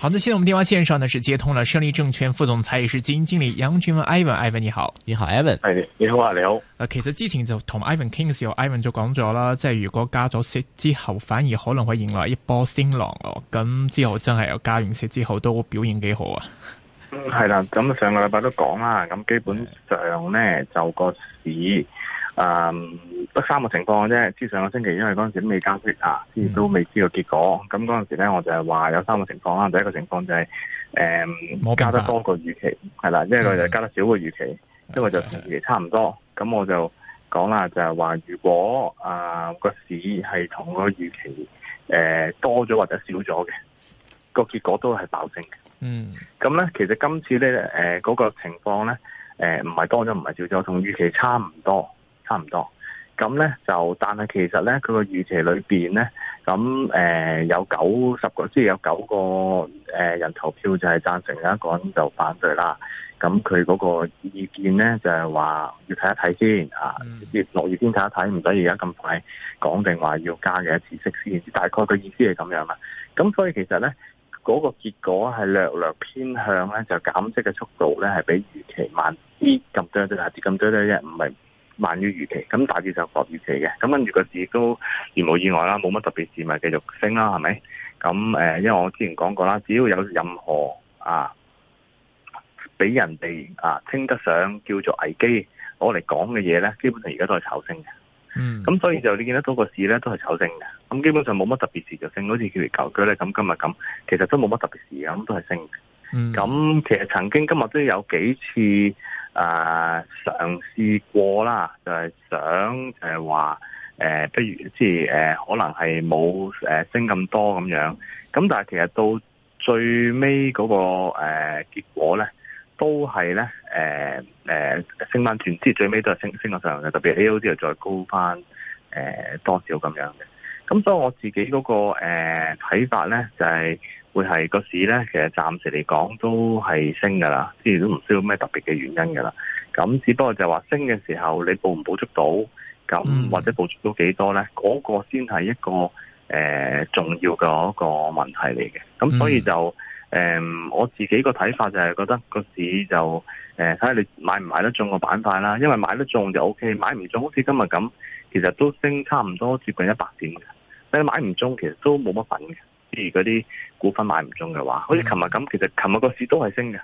好的，現在我們電話線上呢是接通了勝利證券副總裁也是基金經理楊俊文、Ivan。Ivan，Ivan 你好，你好，Ivan 係你好，你好啊，其實之前就同 Ivan 傾嘅時候，Ivan 就講咗啦，即係如果加咗息之後，反而可能會迎來一波升浪哦。咁之後真係有加完息之後都表現幾好啊？嗯，係啦，咁上個禮拜都講啦，咁基本上呢就個市。誒、嗯，得三個情況嘅啫。之上個星期，因為嗰陣時都未加息，啊，之都未知個結果。咁嗰陣時咧，我就係話有三個情況啦、嗯。第一個情況就係、是，誒、嗯，冇加得多過預期，係啦。因為佢就加得少過預期、嗯，因為就同預期差唔多。咁我就講啦，就係話，如果啊個、呃、市係同個預期誒、呃、多咗或者少咗嘅，個結果都係爆升嘅。嗯。咁咧，其實今次咧，誒、呃、嗰、那個情況咧，誒唔係多咗，唔係少咗，同預期差唔多。差唔多，咁咧就，但係其實咧佢個預期裏邊咧，咁誒、呃、有九十個，即係有九個誒、呃、人投票就係贊成，一個人就反對啦。咁佢嗰個意見咧就係、是、話要睇一睇先啊，六、嗯、月先睇一睇，唔使而家咁快講定話要加嘅一次息先，大概嘅意思係咁樣啦。咁所以其實咧嗰、那個結果係略略偏向咧，就減息嘅速度咧係比預期慢啲，咁多啲啊，啲咁多啲嘅唔係。慢於預期，咁大致上落預期嘅，咁跟住個市都如無意外啦，冇乜特別事咪繼續升啦，係咪？咁誒、呃，因為我之前講過啦，只要有任何啊俾人哋啊稱得上叫做危機，攞嚟講嘅嘢咧，基本上而家都係炒升嘅。嗯。咁所以就你見得到個市咧，都係炒升嘅。咁基本上冇乜特別事就升，好似叫哋舊居咧咁今日咁，其實都冇乜特別事咁都係升。嘅、嗯、咁其實曾經今日都有幾次。啊、呃，嘗試過啦，就係、是、想誒話誒，不、呃、如即係、呃、可能係冇、呃、升咁多咁樣。咁但係其實到最尾嗰、那個誒、呃、結果咧，都係咧誒誒升翻轉，即係最尾都係升升咗上嘅，特別 A.O. d 後再高翻誒、呃、多少咁樣嘅。咁所以我自己嗰、那個睇、呃、法咧就係、是。會係個市咧，其實暫時嚟講都係升噶啦，即係都唔需要咩特別嘅原因噶啦。咁只不過就話升嘅時候，你捕唔捕捉到，咁、嗯、或者捕捉到幾多咧，嗰、那個先係一個誒、呃、重要嘅一個問題嚟嘅。咁所以就誒、呃、我自己個睇法就係覺得個市就誒睇下你買唔買得中個板塊啦。因為買得中就 O、OK, K，買唔中好似今日咁，其實都升差唔多接近一百點嘅。你買唔中其實都冇乜份嘅。譬如嗰啲股份買唔中嘅話，好似琴日咁，其實琴日個市都係升嘅。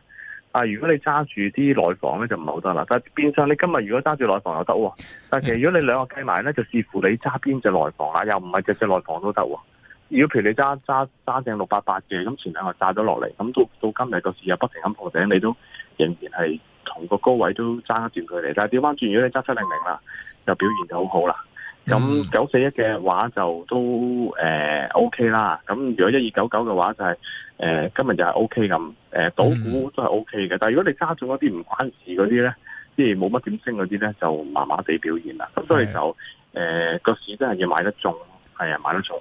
但如果你揸住啲內房咧，就唔係好得啦。但係變相你今日如果揸住內房又得喎。但係其實如果你兩個計埋咧，就視乎你揸邊隻內房啦，又唔係隻隻內房都得喎。如果譬如你揸揸揸正六八八嘅，咁前兩日炸咗落嚟，咁到到今日個市又不停咁破頂，你都仍然係同個高位都爭一段距離。但係調翻轉，如果你揸七零零啦，就表現就好好啦。咁九四一嘅話就都誒 O K 啦，咁、呃 okay、如果一二九九嘅話就係、是、誒、呃、今日就係 O K 咁，誒賭股都係 O K 嘅，但係如果你加咗嗰啲唔關事嗰啲咧，即係冇乜點升嗰啲咧，就麻麻地表現啦，咁所以就誒個、呃、市真係要買得中，係啊買得中。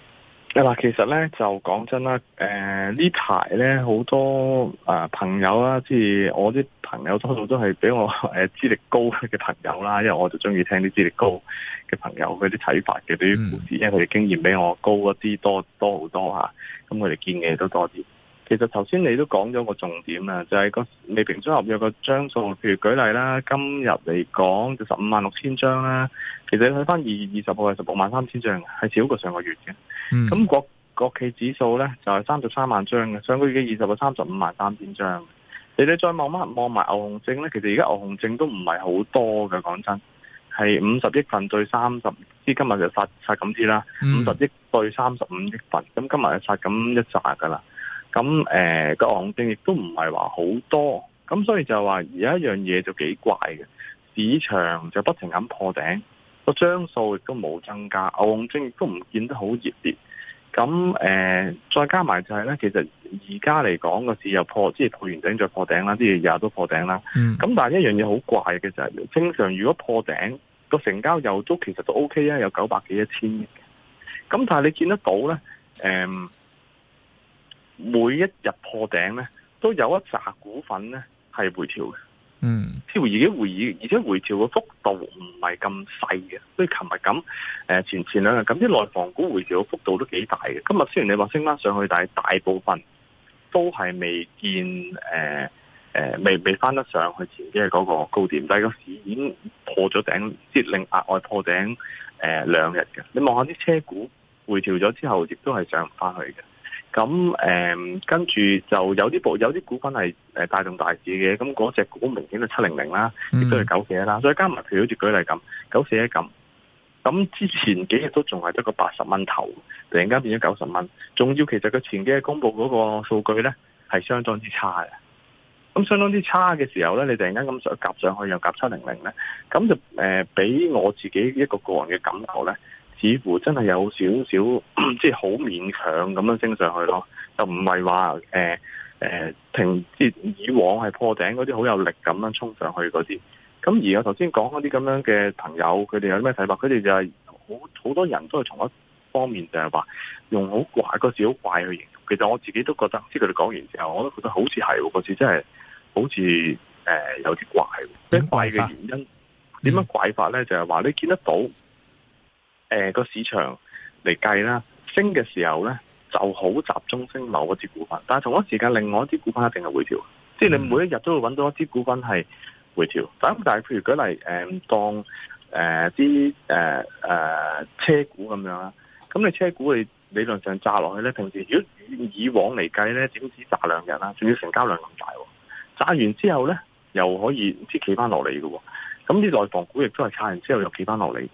嗱，其實咧就講真啦，誒、呃、呢排咧好多啊、呃、朋友啦，即係我啲朋友多數都係比我誒資歷高嘅朋友啦，因為我就中意聽啲資歷高嘅朋友佢啲睇法嘅啲故事，因為佢哋經驗比我高多多、啊嗯嗯、一啲多多好多嚇，咁佢哋見嘅都多啲。其實頭先你都講咗個重點啊，就係個未評出合約個張數，譬如舉例啦，今日嚟講就十五萬六千張啦。其實你睇翻二月二十號係十六萬三千張，係少過上個月嘅。咁、嗯、國國企指數咧就係三十三萬張嘅，上個月嘅二十到三十五萬三千張。你哋再望一望埋牛熊證咧，其實而家牛熊證都唔係好多噶。講真，係五十億份對三十，即今日就殺殺咁啲啦。五十億對三十五億份，咁今日就殺咁一扎噶啦。咁誒，個按金亦都唔係話好多，咁所以就係話而家一樣嘢就幾怪嘅，市場就不停咁破頂，個張數亦都冇增加，按金亦都唔見得好熱烈。咁誒、呃，再加埋就係咧，其實而家嚟講個市又破，即係破完頂再破頂啦，啲嘢日日都破頂啦。咁、嗯、但係一樣嘢好怪嘅就係、是，正常如果破頂個成交又都其實都 O K 啊，有九百幾一千億嘅。咁但係你見得到咧，誒、呃。每一日破頂咧，都有一扎股份咧，係回調嘅。嗯，似乎而家回而而且回調嘅幅度唔係咁細嘅。所以琴日咁誒，前前兩日咁，啲內房股回調嘅幅度都幾大嘅。今日雖然你話升翻上去，但係大部分都係未見誒誒、呃呃、未未翻得上去前一日嗰個高點。但係個市已經破咗頂，即係另額外破頂誒兩日嘅。你望下啲車股回調咗之後，亦都係上唔翻去嘅。咁誒、嗯，跟住就有啲部有啲股份係誒帶動大市嘅，咁嗰隻股明顯係七零零啦，亦都係九四一啦。所以加埋譬如好似舉例咁，九四一咁，咁之前幾日都仲係得個八十蚊頭，突然間變咗九十蚊。仲要其實佢前幾日公布嗰個數據咧係相當之差嘅，咁相當之差嘅時候咧，你突然間咁上夾上去又夾七零零咧，咁就誒俾我自己一個個人嘅感受咧。似乎真係有少少，即係好勉強咁樣升上去咯，就唔係話誒誒停，即係以往係破頂嗰啲好有力咁樣衝上去嗰啲。咁而我頭先講嗰啲咁樣嘅朋友，佢哋有咩睇法？佢哋就係好好多人都係從一方面就係話，用好怪個字，好怪去形容。其實我自己都覺得，即係佢哋講完之後，我都覺得好似係個字，真係好似誒、呃、有啲怪。點怪嘅原因？點樣怪法咧、嗯？就係、是、話你見得到。誒，個市場嚟計啦，升嘅時候咧就好集中升某一支股份，但係同一時間另外一支股份一定係回調，嗯、即係你每一日都會揾到一支股份係回調。但係，但譬如舉例誒當誒啲誒誒車股咁樣啦，咁你車股你理論上炸落去咧，平時如果以往嚟計咧，點止炸兩日啦，仲要成交量咁大，炸完之後咧又可以即係企翻落嚟嘅，咁啲內房股亦都係炸完之後又企翻落嚟嘅。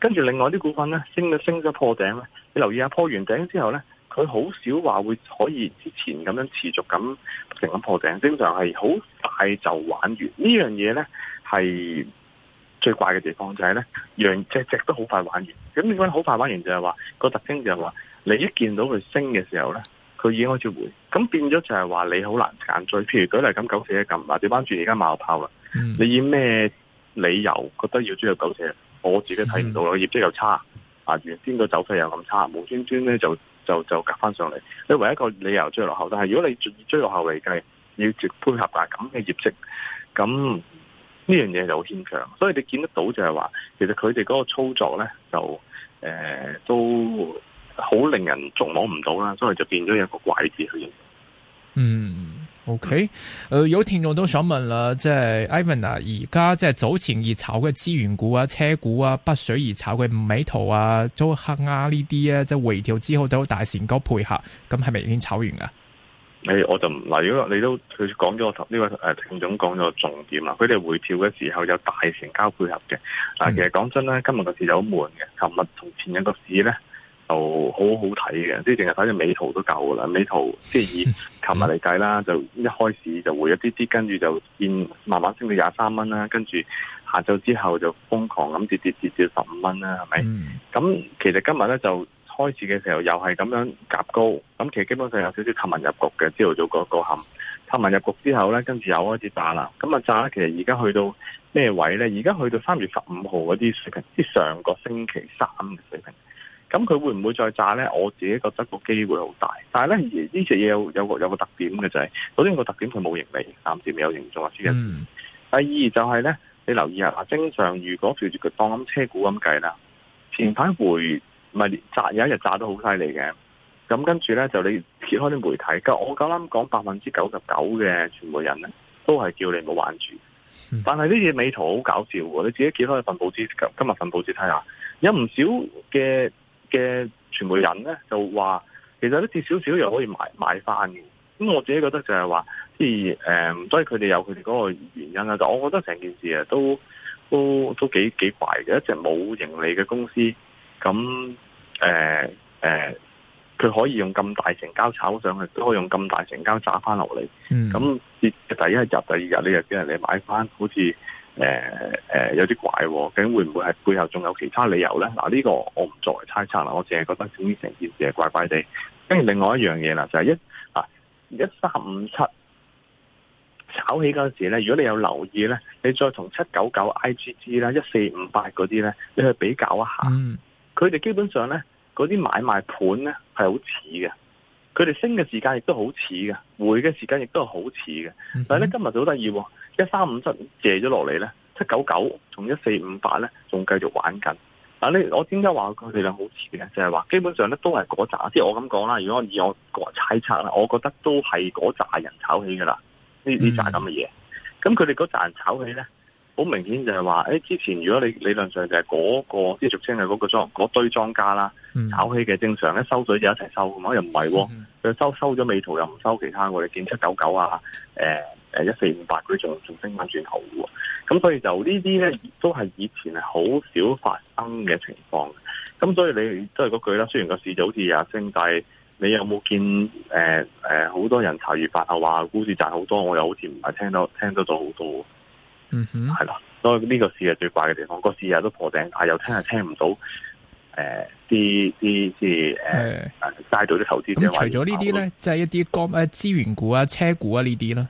跟住另外啲股份咧，升咗升咗破頂咧，你留意下破完頂之後咧，佢好少話會可以之前咁樣持續咁成咁破頂，正常係好快就玩完。樣呢樣嘢咧係最怪嘅地方就係、是、咧，樣隻隻都好快玩完。咁點解好快玩完、就是？就係話個特徵就係、是、話，你一見到佢升嘅時候咧，佢已經開始回，咁變咗就係話你好難揀。最譬如舉例咁九四一咁，嗱掉班住而家冒炮啦，你以咩理由覺得要追九四一？我自己睇唔到啦，業績又差，啊原先個走勢又咁差，無端端咧就就就夾翻上嚟。你唯一一個理由追落後，但係如果你追落後嚟計，要配合下咁嘅業績，咁呢樣嘢就好牽強。所以你見得到就係話，其實佢哋嗰個操作咧，就誒、呃、都好令人捉摸唔到啦。所以就變咗一個怪字去形容。嗯。O K，誒，有聽眾都想問啦，即係 Ivan 啊，而家即係早前熱炒嘅資源股啊、車股啊、北水而炒嘅美圖啊、周黑鴨呢啲啊，即係回調之後都有大成交配合，咁係咪已經炒完啊？誒，我就嗱，如果你都佢講咗，呢位誒聽眾講咗重點啦，佢哋回調嘅時候有大成交配合嘅。嗱，其實講真咧，今日個市有悶嘅，琴日同前一個市咧。就好好睇嘅，即係淨係睇隻美圖都夠噶啦，美圖即係以琴日嚟計啦，就一開始就回一啲啲，跟住就變慢慢升到廿三蚊啦，跟住下晝之後就瘋狂咁跌跌跌跌十五蚊啦，係咪？咁、mm. 嗯嗯、其實今日咧就開始嘅時候又係咁樣夾高，咁其實基本上有少少探文入局嘅，朝頭早嗰，那個陷探文入局之後咧，跟住又開始炸啦，咁啊炸咧，其實而家去到咩位咧？而家去到三月十五號嗰啲水平，即上個星期三嘅水平。咁佢會唔會再炸咧？我自己覺得個機會好大，但係咧，呢隻嘢有有個有個特點嘅，就係嗰啲個特點，佢冇盈利，暫時未有營助先、嗯。第二就係咧，你留意下，正常如果調住佢當咁車股咁計啦，前排回唔係炸，有一日炸得好犀利嘅，咁跟住咧就你揭開啲媒體，我我啱啱講百分之九十九嘅全部人咧都係叫你冇玩住、嗯，但係呢嘢美圖好搞笑喎，你自己揭開份報紙，今日份報紙睇下，有唔少嘅。嘅傳媒人咧就話，其實啲至少少又可以買買翻嘅。咁我自己覺得就係話，即係誒，所以佢哋、呃、有佢哋嗰個原因啦。就我覺得成件事啊，都都都幾幾怪嘅。一隻冇盈利嘅公司，咁誒誒，佢、呃呃、可以用咁大成交炒上去，都可以用咁大成交砸翻落嚟。咁、嗯、第一日，第二日你又俾人哋買翻，好似～誒、呃、誒、呃，有啲怪，究竟會唔會係背後仲有其他理由咧？嗱，呢個我唔作為猜測啦，我淨係覺得總之成件事係怪怪地。跟住另外一樣嘢啦，就係、是、一啊一三五七炒起嗰時咧，如果你有留意咧，你再同七九九 I G G 啦、一四五八嗰啲咧，你去比較一下，佢、嗯、哋基本上咧嗰啲買賣盤咧係好似嘅。佢哋升嘅時間亦都好似嘅，回嘅時間亦都係好似嘅。但係咧今日就好得意，一三五七借咗落嚟咧，七九九同一四五八咧仲繼續玩緊。但係咧我點解話佢哋兩好似嘅？就係話基本上咧都係嗰扎，即係我咁講啦。如果以我個猜測啦，我覺得都係嗰扎人炒起噶啦，呢呢扎咁嘅嘢。咁佢哋嗰扎人炒起咧。好明顯就係話，誒，之前如果你理論上就係嗰，那個即俗稱嘅嗰個莊嗰，那個、堆莊家啦，嗯，炒起嘅正常咧，收水就一齊收咁嘛，又唔係喎，佢，嗯、收收咗美圖又唔收其他，我哋見七九九啊，誒誒一四五八佢仲仲升翻轉頭喎。咁所以就呢啲咧都係以前係好少發生嘅情況，咁所以你都係嗰句啦，雖然個市就好似又升，但係你有冇見誒誒好多人茶餘飯後話股市賺好多，我又好似唔係聽到聽得到好多。嗯哼，係啦，所以呢個市係最怪嘅地方，個市日都破頂，啊又聽日聽唔到，誒、呃，啲啲即係誒，呃、帶到動啲投資者、呃。除咗呢啲咧，即、就、係、是、一啲鋼誒資源股啊、車股啊呢啲啦。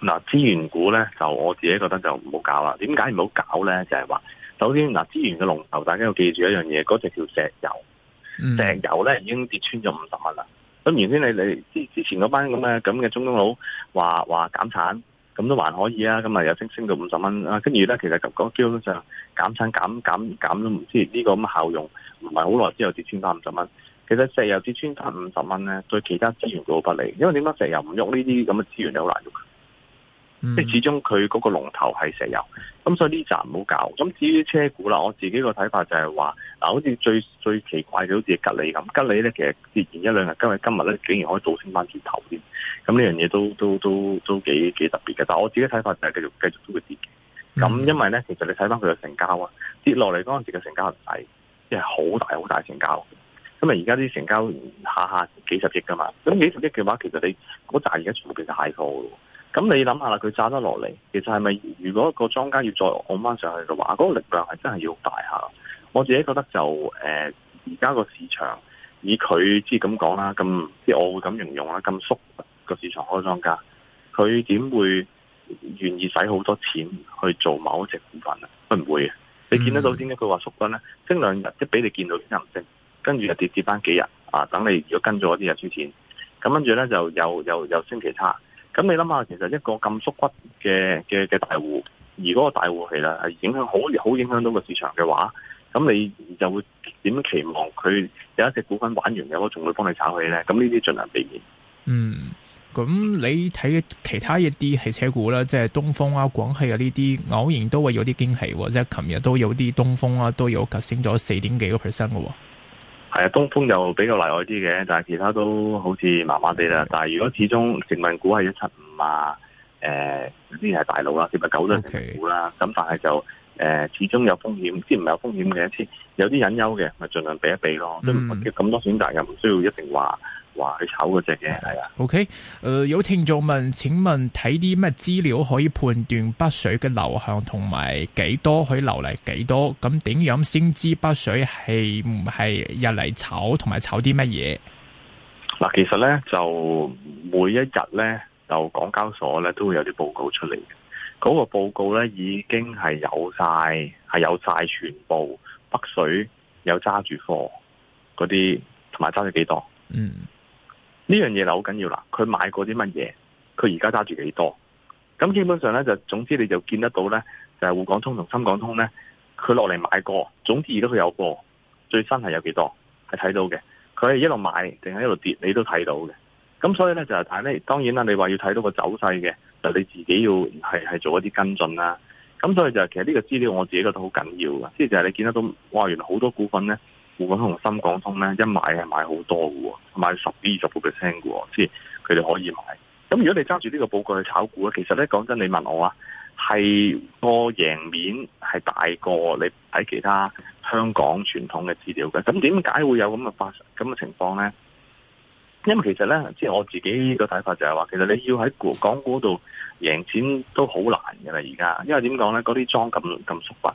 嗱，資源股咧就我自己覺得就唔好搞啦。點解唔好搞咧？就係話，首先嗱，資源嘅龍頭，大家要記住一樣嘢，嗰隻條石油，嗯、石油咧已經跌穿咗五十蚊啦。咁原先你你之之前嗰班咁嘅咁嘅中東佬話話減產。咁都還可以啊，咁啊又升升到五十蚊啊，跟住咧其實、嗰個基本上減產減減減，減都唔知呢、呢個咁效用唔係好耐，之後跌穿返五十蚊，其實石油跌穿返五十蚊咧對其他資源都好不利，因為點解石油唔喐，呢啲咁嘅資源就好難用。即、嗯、係始終佢嗰個龍頭係石油，咁所以呢紮唔好搞。咁至於車股啦，我自己個睇法就係話，嗱，好似最最奇怪嘅好似吉利咁，吉利咧其實跌完一兩日，今日今日咧竟然可以倒升翻轉頭添。咁呢樣嘢都都都都幾幾特別嘅。但係我自己睇法就係繼續繼續都會跌。咁、嗯、因為咧，其實你睇翻佢嘅成交啊，跌落嚟嗰陣時嘅成交係，即係好大好大成交。咁啊，而家啲成交下下幾十億噶嘛，咁幾十億嘅話，其實你嗰紮而家全部其實太高。咁你諗下啦，佢炸得落嚟，其實係咪如果個莊家要再按翻上去嘅話，嗰個力量係真係要大下。我自己覺得就誒，而家個市場以佢即係咁講啦，咁即係我會咁形容啦，咁縮個市場開莊家，佢點會願意使好多錢去做某一隻股份啊？佢唔會啊？你見得到點解佢話縮分咧？升兩日即俾你見到啲唔升，跟住又跌跌翻幾日啊！等你如果跟咗啲又輸錢，咁跟住咧就有有有升其他。咁你諗下，其實一個咁縮骨嘅嘅嘅大戶，而嗰個大戶係啦，係影響好好影響到個市場嘅話，咁你就會點期望佢有一隻股份玩完嘅話，仲會幫你炒起咧？咁呢啲盡量避免。嗯，咁你睇其他一啲汽車股啦，即係東風啊、廣汽啊呢啲，偶然都會有啲驚喜。即係琴日都有啲東風啊，都有急升咗四點幾個 percent 嘅。係啊，東風又比較例外啲嘅，但係其他都好似麻麻地啦。Okay. 但係如果始終成分股係一七五啊，誒啲係大佬啦，接埋九都成文股啦。咁、okay. 但係就誒、呃、始終有風險，即唔係有風險嘅先有啲隱憂嘅，咪儘量避一避咯。咁、mm. 咁多選擇又唔需要一定話。話去炒嗰隻嘅，係啊，OK，誒、呃，有聽眾問，請問睇啲咩資料可以判斷北水嘅流向同埋幾多可以流嚟幾多？咁點樣先知北水係唔係入嚟炒同埋炒啲乜嘢？嗱，其實咧就每一日咧就港交所咧都會有啲報告出嚟嘅，嗰、那個報告咧已經係有晒，係有晒全部北水有揸住貨嗰啲，同埋揸咗幾多，嗯。呢樣嘢就好緊要啦，佢買過啲乜嘢，佢而家揸住幾多？咁基本上呢，就，總之你就見得到呢，就係滬港通同深港通呢。佢落嚟買過，總之而家佢有過，最新係有幾多，係睇到嘅。佢係一路買定係一路跌，你都睇到嘅。咁所以呢，就係但係，當然啦，你話要睇到個走勢嘅，就你自己要係係做一啲跟進啦。咁所以就係其實呢個資料我自己覺得好緊要嘅，即係就係你見得到，哇，原來好多股份呢。滬港通、深港通咧，一買係買好多嘅，買十至二十個 percent 嘅，即係佢哋可以買。咁如果你揸住呢個報告去炒股咧，其實咧講真，你問我啊，係個贏面係大過你喺其他香港傳統嘅資料嘅。咁點解會有咁嘅發生咁嘅情況咧？因為其實咧，即係我自己個睇法就係話，其實你要喺港股度贏錢都好難嘅啦。而家因為點講咧，嗰啲莊咁咁縮份，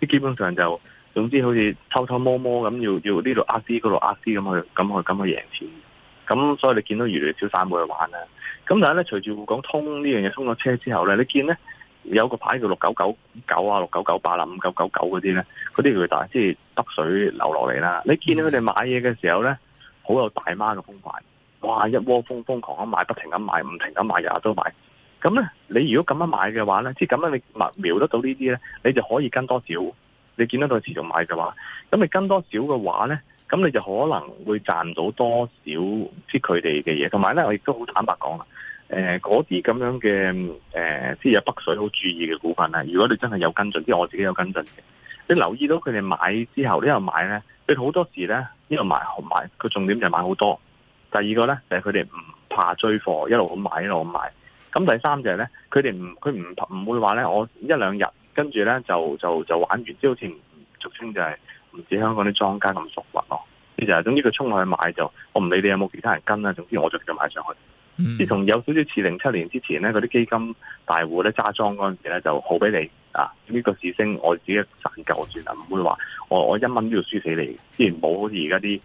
即基本上就。總之好似偷偷摸摸咁，要要呢度呃啲，嗰度呃啲咁去，咁去，咁去贏錢。咁所以你見到越嚟越少散戶去玩啦。咁但係咧，隨住滬港通呢樣嘢通咗車之後咧，你見咧有個牌叫六九九九啊，六九九八啊、五九九九嗰啲咧，嗰啲佢大，即係北水流落嚟啦。你見到佢哋買嘢嘅時候咧，好有大媽嘅風範，哇！一窩蜂瘋狂咁買，不停咁買，唔停咁買，日日都買。咁咧，你如果咁樣買嘅話咧，即係咁樣你瞄瞄得到呢啲咧，你就可以跟多少？你見得到佢持續買嘅話，咁你跟多少嘅話咧，咁你就可能會賺到多少即佢哋嘅嘢。同埋咧，我亦都好坦白講啦，誒嗰時咁樣嘅誒，即、呃、係有北水好注意嘅股份啊！如果你真係有跟進，即、係、我自己有跟進嘅，你留意到佢哋買之後又買呢度買咧，你好多時咧呢度買買佢重點就買好多。第二個咧就係佢哋唔怕追貨，一路買一路買。咁第三就係咧，佢哋唔佢唔唔會話咧，我一兩日。跟住咧就就就玩完，即好似俗稱就係唔似香港啲莊家咁熟核咯，就係總之佢衝落去買就，我唔理你有冇其他人跟啦，總之我就咁買上去。嗯、自從有少少似零七年之前咧，嗰啲基金大戶咧揸莊嗰陣時咧就好俾你啊，呢、這個市升我自己賺夠算啦，唔會話我我一蚊都要輸死你，自然冇好似而家啲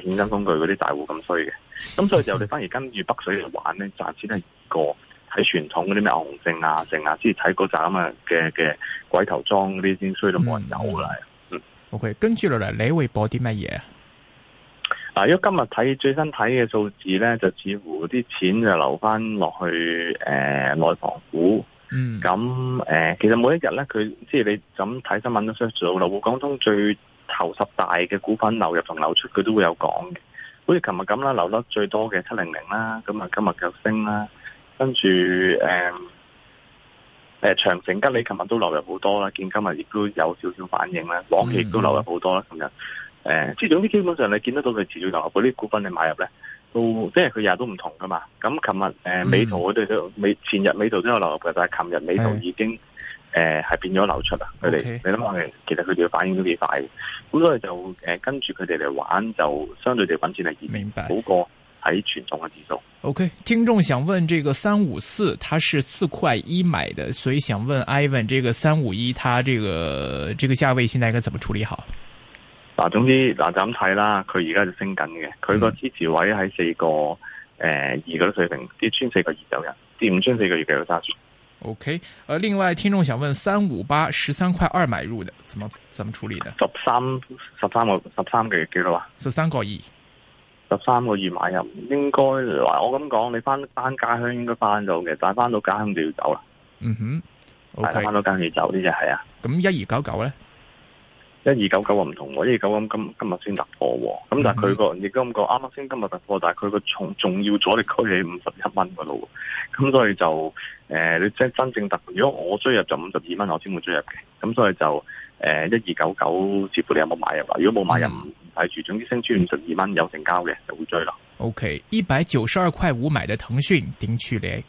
誒衍生、呃、工具嗰啲大戶咁衰嘅。咁所以就你反而跟住北水嚟玩咧，賺錢係易過。睇傳統嗰啲咩牛熊證啊、成啊，即係睇嗰集啊嘅嘅鬼頭莊嗰啲先衰到冇人有啦。嗯，嗯，OK，跟住落嚟，你會播啲乜嘢啊？啊，因為今日睇最新睇嘅數字咧，就似乎啲錢就留翻落去誒、呃、內房股。嗯，咁誒、呃，其實每一日咧，佢即係你咁睇新聞都識做。滬港通最頭十大嘅股份流入同流出，佢都會有講嘅。好似琴日咁啦，留得最多嘅七零零啦，咁啊，今日又升啦。跟住，誒、嗯、誒、呃，長城吉利琴日都流入好多啦，見今日亦都有少少反應啦，往期亦都流入好多啦。琴、嗯、日，誒、嗯，即、嗯、係總之，基本上你見得到佢持續流入嗰啲股份，你買入咧，嗯、即都即係佢日日都唔同噶嘛。咁琴日，誒、呃，美、嗯、圖我哋都美前日美圖都有流入嘅，但係琴日美圖已經，誒、嗯，係、呃、變咗流出啦。佢、okay, 哋，你諗下，其實佢哋嘅反應都幾快，咁所以就，誒、呃，跟住佢哋嚟玩就相對地揾錢係易啲，好過。喺傳統嘅指數。OK，聽眾想問：這個三五四，它是四塊一買嘅，所以想問 Ivan，這個三五一，它這個這個價位，現在應該怎麼處理好？嗱，總之嗱，就咁睇啦。佢而家就升緊嘅，佢個支持位喺四個，誒、嗯，二嗰啲水平跌穿四個二走人，跌五千四個二就要揸住。OK，呃，另外聽眾想問：三五八，十三塊二買入嘅，怎麼怎麼處理呢？十三十三個十三個月幾多呀，十三個二。十三個月買入，應該話我咁講，你翻翻家鄉應該翻到嘅，但係翻到家鄉就要走啦。嗯哼，係翻到家鄉走啲嘢係啊。咁一二九九咧，一二九九又唔同喎，一二九九今今日先突破，咁但係佢個亦都咁講啱啱先今日突破，但係佢個重重要阻力區喺五十一蚊嗰度，咁所以就誒、呃，你即係真正突破，如果我追入就五十二蚊，我先會追入嘅，咁所以就。誒，一二九九，似乎你有冇買入啊？如果冇買入，唔、嗯、睇住，總之升穿五十二蚊有成交嘅就會追啦。OK，一百九十二塊五買嘅騰訊點處理？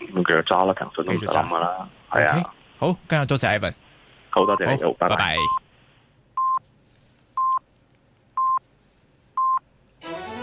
咁叫佢揸啦，繼續揸啦，係啊 okay, 好。好，今日多謝 Ivan 好多謝，好，拜拜。Bye -bye